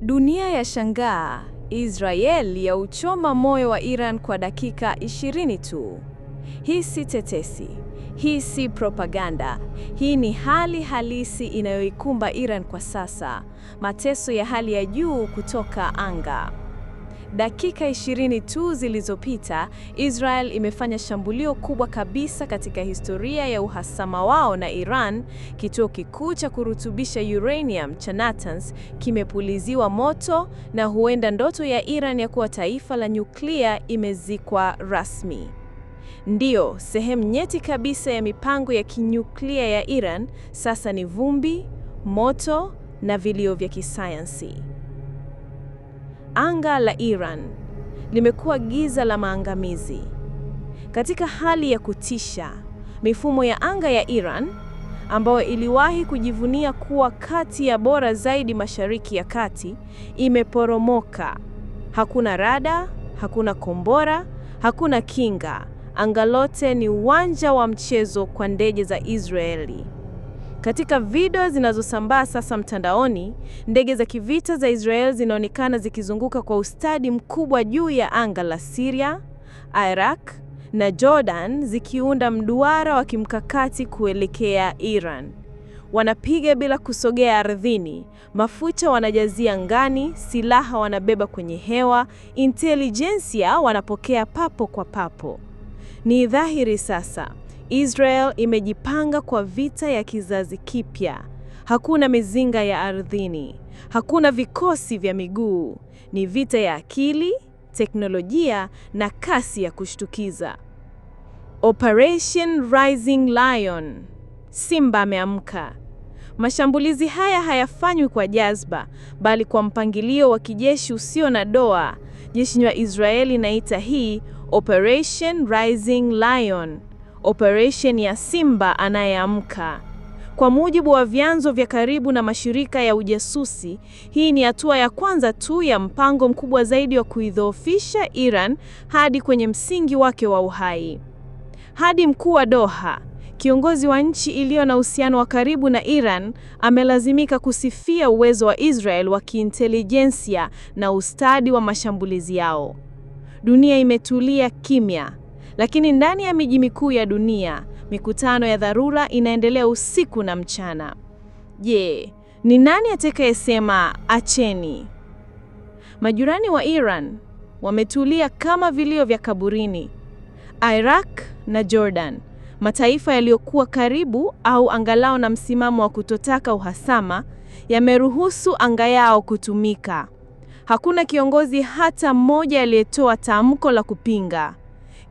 Dunia ya shangaa, Israel ya uchoma moyo wa Iran kwa dakika 20 tu. Hii si tetesi, hii si propaganda, hii ni hali halisi inayoikumba Iran kwa sasa, mateso ya hali ya juu kutoka anga. Dakika 20 tu zilizopita, Israel imefanya shambulio kubwa kabisa katika historia ya uhasama wao na Iran. Kituo kikuu cha kurutubisha uranium cha Natanz kimepuliziwa moto na huenda ndoto ya Iran ya kuwa taifa la nyuklia imezikwa rasmi. Ndiyo, sehemu nyeti kabisa ya mipango ya kinyuklia ya Iran sasa ni vumbi, moto na vilio vya kisayansi. Anga la Iran limekuwa giza la maangamizi. Katika hali ya kutisha, mifumo ya anga ya Iran ambayo iliwahi kujivunia kuwa kati ya bora zaidi Mashariki ya Kati imeporomoka. Hakuna rada, hakuna kombora, hakuna kinga. Anga lote ni uwanja wa mchezo kwa ndege za Israeli. Katika video zinazosambaa sasa mtandaoni, ndege za kivita za Israel zinaonekana zikizunguka kwa ustadi mkubwa juu ya anga la Syria, Iraq na Jordan zikiunda mduara wa kimkakati kuelekea Iran. Wanapiga bila kusogea ardhini, mafuta wanajazia ngani silaha wanabeba kwenye hewa, intelijensia wanapokea papo kwa papo. Ni dhahiri sasa Israel imejipanga kwa vita ya kizazi kipya. Hakuna mizinga ya ardhini, hakuna vikosi vya miguu. Ni vita ya akili, teknolojia na kasi ya kushtukiza. Operation Rising Lion. Simba ameamka. Mashambulizi haya hayafanywi kwa jazba, bali kwa mpangilio wa kijeshi usio na doa. Jeshi la Israeli naita hii Operation Rising Lion. Operation ya Simba Anayeamka. Kwa mujibu wa vyanzo vya karibu na mashirika ya ujasusi, hii ni hatua ya kwanza tu ya mpango mkubwa zaidi wa kuidhoofisha Iran hadi kwenye msingi wake wa uhai. Hadi mkuu wa Doha, kiongozi wa nchi iliyo na uhusiano wa karibu na Iran, amelazimika kusifia uwezo wa Israel wa kiintelijensia na ustadi wa mashambulizi yao. Dunia imetulia kimya. Lakini ndani ya miji mikuu ya dunia, mikutano ya dharura inaendelea usiku na mchana. Je, ni nani atakayesema acheni? Majirani wa Iran wametulia kama vilio vya kaburini. Iraq na Jordan, mataifa yaliyokuwa karibu au angalau na msimamo wa kutotaka uhasama, yameruhusu anga yao kutumika. Hakuna kiongozi hata mmoja aliyetoa tamko la kupinga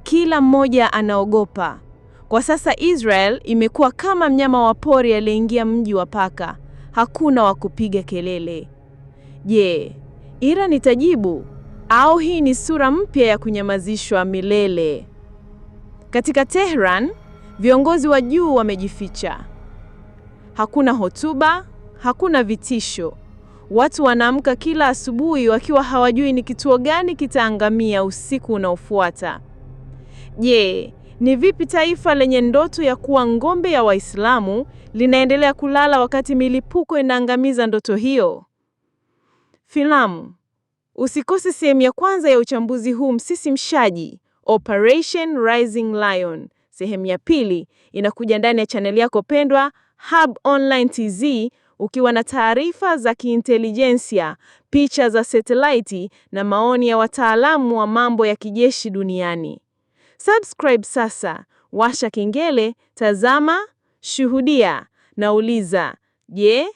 kila mmoja anaogopa. Kwa sasa Israel imekuwa kama mnyama wa pori aliyeingia mji wa paka, hakuna wa kupiga kelele. Je, Iran itajibu au hii ni sura mpya ya kunyamazishwa milele? Katika Tehran, viongozi wa juu wamejificha. Hakuna hotuba, hakuna vitisho. Watu wanaamka kila asubuhi wakiwa hawajui ni kituo gani kitaangamia usiku unaofuata. Je, ni vipi taifa lenye ndoto ya kuwa ngome ya Waislamu linaendelea kulala wakati milipuko inaangamiza ndoto hiyo? Filamu. Usikose sehemu ya kwanza ya uchambuzi huu msisimshaji, Operation Rising Lion. Sehemu ya pili inakuja ndani ya chaneli yako pendwa Hub Online TZ ukiwa na taarifa za kiintelijensia, picha za satelaiti na maoni ya wataalamu wa mambo ya kijeshi duniani. Subscribe sasa, washa kengele, tazama, shuhudia na uliza, je,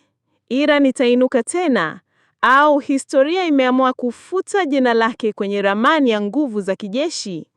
Iran itainuka tena au historia imeamua kufuta jina lake kwenye ramani ya nguvu za kijeshi?